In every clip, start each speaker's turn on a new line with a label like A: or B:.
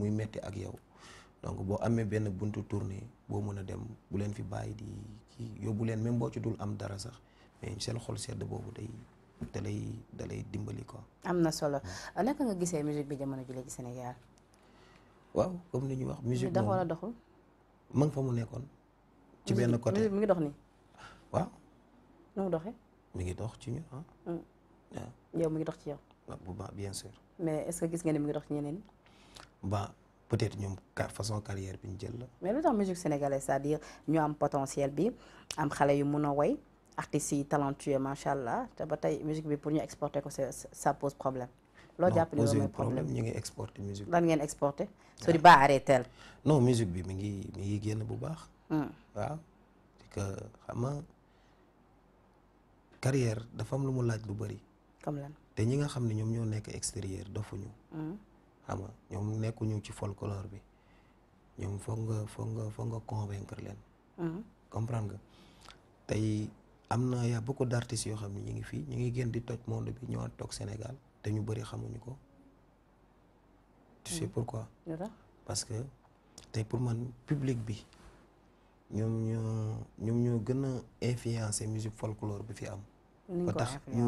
A: muy metti ak yow donc boo amee benn buntu tournée boo mën a dem bu leen fi bàyyi di kii yóbbu leen même boo ci dul am dara sax mais seen xol sedd boobu day dalay dalay dimbali ko
B: am na solo euh, naka nga gisee musique bi jamono ji léegi Sénégal.
A: waaw comme ni ñuy wax. musique dox wala doxul. ma nga fa mu nekkoon. ci benn côté mu ngi dox nii. waaw. nu mu ngi dox ci ñun ah. waaw mm. yow mi ngi dox ci yow. waaw bu baax bien sûr.
B: mais est-ce gis nga ni mi ngi dox ci ñeneen.
A: ba peut-être ñoom façon carrière bi ñu jël la.
B: mais lu tax musique sénégalaise c'est-à-dire ñu am potentiel bi am xale yu mun a woy artistes yi talentueux macha allah te ba tey musique bi pour ñu exporter ko ça pose problème. loolu jàpp ne mooy problème ñu ngi exporter musique. ngeen exporter ah. soo di ba arrêté
A: non musique bi mi ngi mi génn bu baax. Hmm. waaw que xam dafa lu mu laaj lu bëri. comme lan te ñi nga xam ne ñoom ñoo nekk extérieur dofuñu. Hmm. xam nga ñoom nekkuñu ci folklore bi ñoom foog nga foog nga foog nga convaincre leen. Uh-huh. comprendre nga tey am na yaa beaucoup d' artistes yoo xam ne ñu ngi fii ñu ngi gën di toj monde bi ñëwaat toog Sénégal te ñu bëri xamuñu ko. Uh-huh. parce que tey pour man public bi ñoom ñoo ñoom ñoo gën a influencer musique folklore bi fi am. ba tax ñu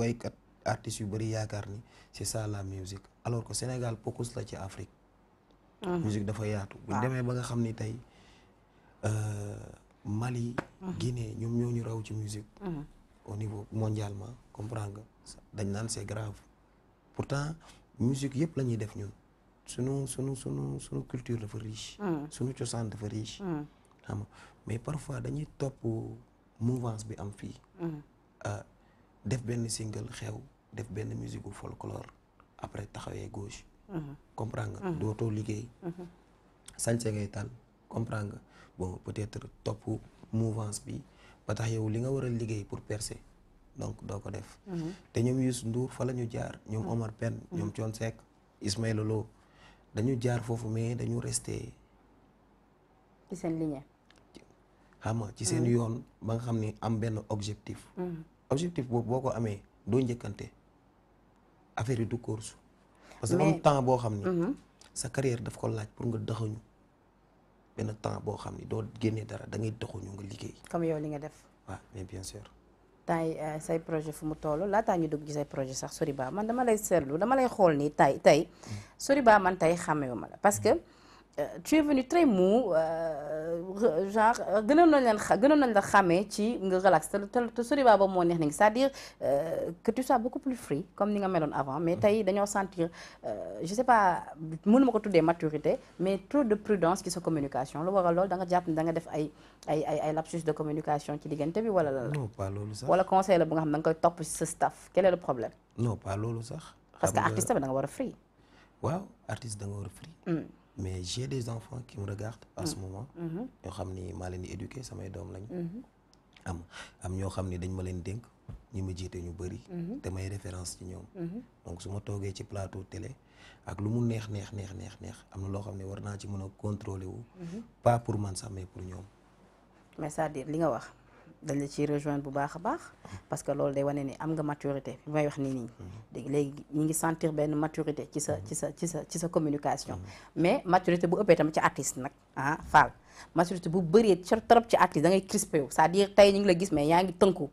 A: waykat. artistes yu bëri yaakaar ni c'est ça la musique alors que Sénégal focus la ci Afrique. Mhm. musique dafa yaatu. bu ba nga xam ni tey euh, Mali. Mhm. Guinée ñoom ñoo ñu raw ci musique. Mhm. au niveau mondialement comprendre nga dañ naan c'est grave pourtant musique yëpp lañuy def ñun sunu sunu sunu sunu culture dafa riche. sunu cosaan dafa riche. xam mais parfois dañuy topp mouvance bi am fii. Euh, def benn single xew. def benn musique folklore après taxawee gauche. Mhm. comprendre nga. Mhm. dootoo liggéey. Mhm. sañse ngay tal comprendre nga bon peut-être topp mouvance bi ba tax yow li nga war a liggéey pour percer donc doo ko def. te ñoom Youssou Ndour fa la ñu jaar. ñoom Omar Pène ñoom Thione Seck Lo dañu jaar foofu mais dañu resté. ci seen ligne. xam ci seen yoon ba nga xam ni am benn objectif. objectif boobu boo ko amee doo njëkkante. affaire yi du course
B: parce que am temps
A: boo xam ni mhm. sa carrière daf ko laaj pour nga doxuñu benn temps boo xam ni doo génnee dara da ngay doxuñu nga liggéey
B: comme yow li nga def
A: waa mais bien sûr
B: tay euh, say projet fu mu toll laataa ñu dugg ci projet sax Soriba man dama lay seetlu dama lay xool nii tey tay mm. Soriba man tay xàmmewu ma la parce tu es venu très mou euh, genre euh, gënoon nañ leen xa gënoon nañ la xàmmee ci nga relax te te sori boobu moo neex nañ c'est-à-dire euh, que tu sois beaucoup plus free comme ni nga meloon avant mais mm. tey dañoo sentir je sais pas mënuma ko tuddee maturité mais trop de prudence ci sa communication lu waral loolu da nga jàpp ne da nga def ay ay ay de communication ci diggante bi wala lan la. non pas loolu sax wala conseil la bu nga xam da nga koy topp ci sa staff quel est le problème.
A: non pas loolu sax. parce a free. waaw artiste da nga mais j'ai des enfants qui me regardent à ce mm-hmm. moment ñoo mm-hmm. xam ni maa leen di éduquer samay doom lañ mm-hmm. am ñoo xam ni dañ ma leen dénk ñi ma jiite ñu bëri te may référence ci ñoom donc su ma toogee ci plateau télé ak lu mu neex neex neex neex neex am na loo xam ne war naa ci mën a contrôler wu pas pour man sax mais pour ñoom
B: mais cest à li nga wax dañ la ci rejoindre bu baax a baax parce que loolu day wane ni am nga maturité mooy may wax nii nii dégg léegi ñi ngi sentir benn maturité ci sa ci sa ci sa ci sa communication mais maturité bu ëppee tam ci artiste nag ah Fall maturité bu bëree trop ci artiste da ngay crispé wu c'est-à-dire tey ñu ngi la gis mais yaa ngi tënku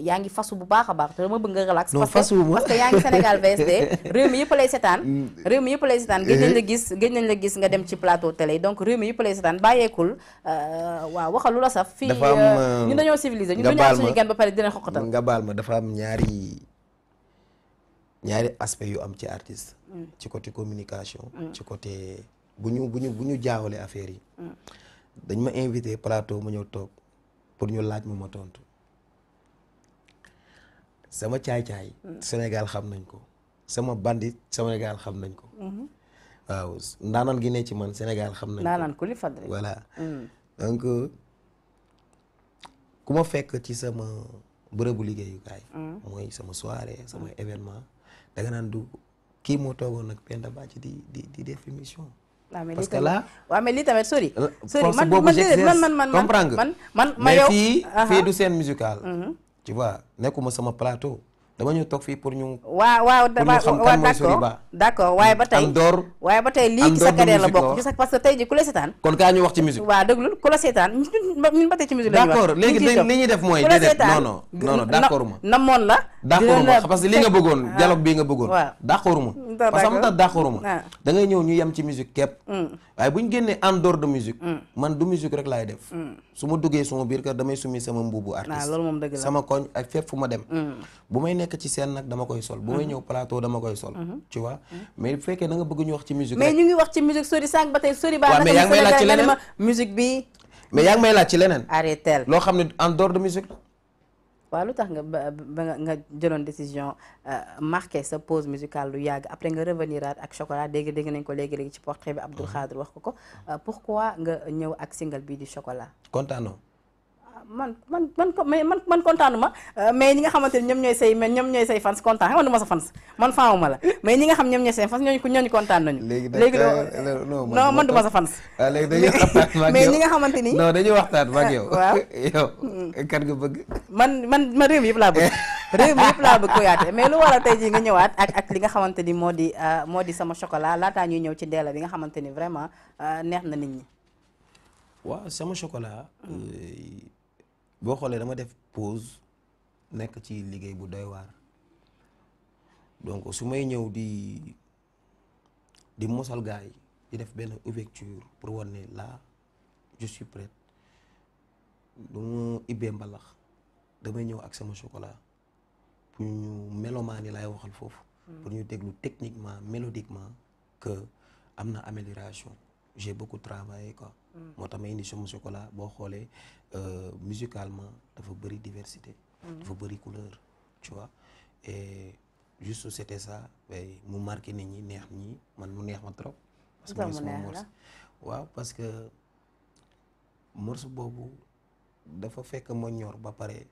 B: yaa ngi fasu bu baax a baax te dama bëgg nga relax. non fasu ma parce que yaa ngi Sénégal VSD réew mi yëpp lay seetaan. Mm. réew mi yëpp lay seetaan gëj la eh. gis la gis nga dem ci plateau télé donc réew mi yëpp lay seetaan bàyyeekul euh, waaw waxal lu la saf. fii euh, euh, ñun dañoo civilisé ñun dañoo am suñu gan ba pare dina xoqatal. nga
A: baal ma dafa am ñaari ñaari aspect yu am ci artiste. Mm. ci coté communication. Mm. ci coté bu ñu bu ñu bu ñu jaawale affaire yi. dañ ma invité plateau mu ñëw toog pour ñu laaj mu ma tontu. sama caay-caay. Sénégal xam nañ ko. sama bandit Sénégal xam nañ ko. Mhm. waaw ndaanaan gi ne ci man Sénégal xam nañ ko. ndaanaan
B: voilà. Mhm.
A: donc euh, ku ma fekk ci sama bërëbu liggéeyukaay. Mhm. mooy sama soirée sama événement danga naan du kii moo toogoon nag Penda Bathie di di
B: ah, parce que là waaw lii tamit sori. Euh, man man man man man man man man
A: man man tu vois nekkuma sama plateau dama ñu toog fii pour ñu.
B: waaw waaw dama waaw d'accord d'accord waaye ba tey. ba tey lii ci sa la bokk. ci sa parce que tey ji ku la seetaan. kon kaa ñu wax ci musique. waaw déglu ku la seetaan ñun ba tey ci musique la ñu léegi li ñuy def mooy. ku la seetaan non non non non ma la. d'accord ma parce que li
A: nga bëggoon dialogue bii nga bëggoon d'accord ma parce que am tax d'accord ah. ñëw ñu yem ci musique képp mm. waaye bu ñu génnee en or de musique mm. man du musique rek laay def mm. su ma duggee suma biir kër damay sumi sama mbuubu artiste ah, sama koñ ak fépp fu ma dem bu may nekk ci seen nag dama koy sol bu may mm-hmm. ñëw plateau dama koy sol mm-hmm. tu vois mm-hmm. mais bu fekkee da bëgg ñu wax ci musique mais ñu
B: ngi wax ci musique sori sànq ba tey sori baa mais may laaj ci leneen musique bi
A: loo xam ne en de musique
B: waaw lu tax nga ba nga jëloon décision euh, marqué sa pose musicale lu yàgg après nga reveniraat ak chocolat dégg dégg nañ ko léegi léegi ci portrait bi Abdou Khadre wax ko ko euh, pourquoi nga ñëw ak single bii di chocolat kontaanoo man man man man man kontaanu ma euh, mais ñi nga xamante ni ñoom ñooy say mais ñoom ñooy say fans kontaan xam nga ma sa fans man ma la mais ñi nga xam ñoom ñooy say fans ñooñu ñooñu kontaan nañu. léegi
A: non man du ma sa fans. waaw ah, léegi dañuy mais ñi nga xamante ni. non dañuy waxtaan ma ak yow. waaw
B: kan nga bëgg. man man man yëpp laa bëgg. réew yëpp laa bëgg ko yaate mais lu waral tey jii nga ñëwaat ak ak li nga xamante ni moo di euh, moo di sama chocolat laataa ñuy ñëw ci Ndella bi nga xamante ni vraiment euh, neex na nit ñi
A: waaw sama chocolat hmm. boo xoolee dama def pose nekk ci liggéey bu doy waar donc su may ñëw di di mosal yi di def benn ouverture pour wane ne là je suis prête du ma ibbee mbalax damay ñëw ak sama chocolat pour ñu mélomaan yi laay waxal foofu. Hmm. pour ñu déglu techniquement mélodiquement que am na amélioration. j'ai beaucoup travaillé quoi. Mm. moo tax may indi sama chocolat boo xoolee euh, musicalement dafa bëri diversité. Mm. dafa bëri couleur tu vois et juste c'était ça mu marqué nit ñi neex ñi man mu neex ma trop. parce que mooy waaw parce que morceau boobu dafa fekk ma ñor ba pare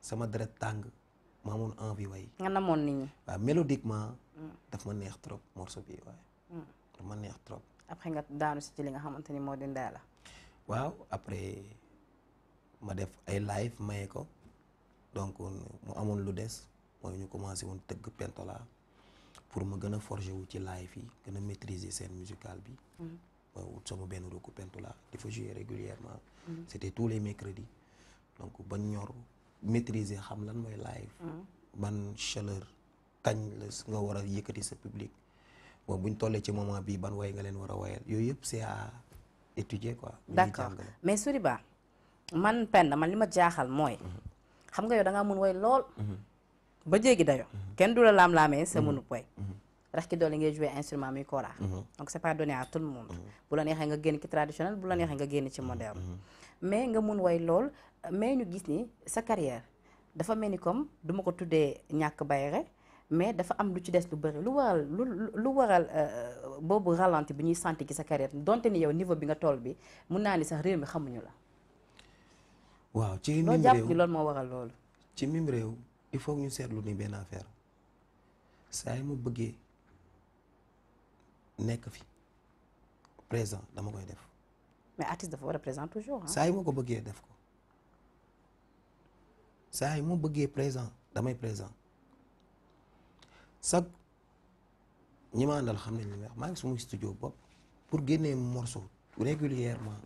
A: sama deret tàng ma amoon envie way. mélodiquement. Mm. daf ma neex trop morceau bi waaye. ma neex trop.
B: après nga daanu si ci li nga xamante ni moo di Ndella la
A: waaw après ma def ay live maye ko donc mu amoon lu des mooy ñu commencé woon tëgg pentola pour ma gën a forger wu ci live yi gën a maîtriser scène musicale bi mm-hmm. ma wut sama benn roku pentola di fa jouer régulièrement mm-hmm. c'était tous les mercredis donc ba ñor maîtriser xam lan mooy live mm-hmm. ban chaleur kañ la nga war a yëkkati sa public moom bu ñu tollee ci moment bii ban way nga leen war a wayal yooyu yëpp c'est à étudier quoi. d'accord
B: mais Soriba man Penda man li ma jaaxal mooy. xam nga yow da mën mun way lool. Mhm. ba jéggi dayo mhm. kenn du la laam-laamee sa mhm. mënub way. rax ki doole ngay jouer instrument muy kora. donc c'est pas donné à tout le monde. bu la neexee nga génn ki traditionnel bu la neexee nga génn ci moderne. mais nga mun woy lool mais ñu gis ni sa carrière dafa mel ni comme du ma ko tuddee ñàkk bayre mais dafa am lu ci des lu bëri lu waral lu lu waral euh, boobu ralenti bi ñuy santi ci sa carrière donte ni yow niveau bi nga toll bi mun naa ni sax réew mi xamuñu la.
A: waaw ci mim réew
B: moo waral loolu.
A: ci mim réew il faut ñu seetlu ni benn affaire saa yi mu bëggee nekk fi présent dama koy def.
B: mais artiste dafa war a présent toujours ah.
A: saa yi ma ko bëggee def ko saa yi mu bëggee présent damay présent. chaque ñi maandal xam ne li wax maa ngi suma studio bopp pour génnee morceau régulièrement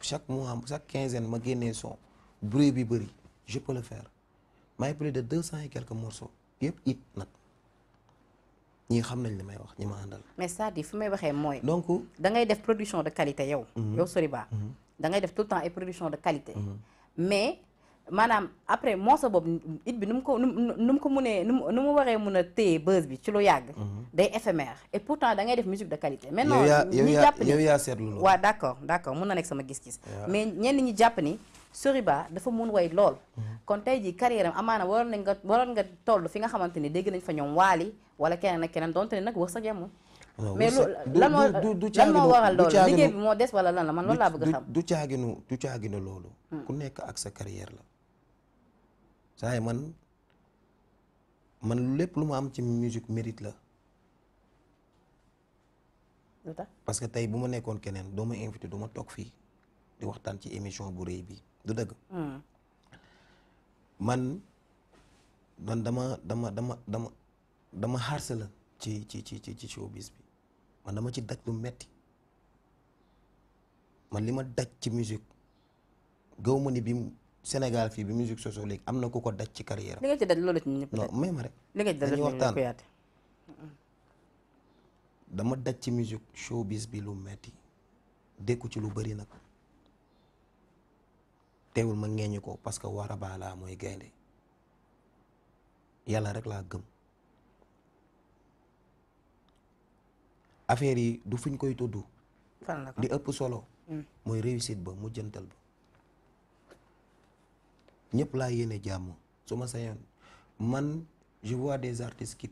A: chaque mois chaque quinzaine ma génnee son bruit bi bëri je peux le faire plus de deux cent et quelques morceaux yëpp it nag ñii xam nañ li may wax ñi maandal
B: mais cest à fu may waxee mooy. donc da ngay def production de qualité yow. Mm-hmm. yow Soriba. Mm-hmm. da ngay def tout temps ay production de qualité. Mm-hmm. mais maanaam après moosa boobu it bi nu mu ko nu mu nu mu ko mënee nu mu nu mu waree mun a téye buzz bi ci lu yàgg. Mhm. day éphémère et pourtant da ngay def musique de qualité. maintenant ñi jàpp ni yow yaa seetlu loolu. waaw d' accord mun na nekk sama gis-gis. mais ñenn ñi jàpp ni Soriba dafa mun way lool. Mhm. kon tey jii carrière am amaana waroon nañ nga waroon nga toll fi nga xamante ni dégg nañ fa ñoom waali wala keneen ak keneen donte ne nag wër sa jàmm. mais lan moo lan moo waral loolu liggéey bi moo des wala lan la man loolu laa bëgg a xam.
A: du caaginu du hmm. ku nekk ak sa carrière la saa yi man man lépp lu ma am ci musique mérite la. lu que tey bu ma nekkoon keneen doo ma invité du ma toog fii di waxtaan ci émission bu rëy bi du dëgg. Hmm. man man dama dama dama dama dama la ci ci ci ci ci showbiz bi man dama ci daj lu metti man li ma daj ci musique gaw bi Sénégal fii bi musique sosoo léegi am na ku ko daj ci carrière am. li nga ci daj loolu ci ñëpp non may ma rek. li nga ci daj loolu waxtaan dama daj ci musique showbiz bi lu metti dékku ci lu bari nag teewul ma ngeeñu ko parce que waraba laa mooy gaynde yàlla rek laa gëm affaire yi du fuñ koy tudd. li ëpp solo. Mm. mooy réussite ba mu jëntal ba. ñëpp laa yéene jàmm su ma sañoon man je vois des artistes qui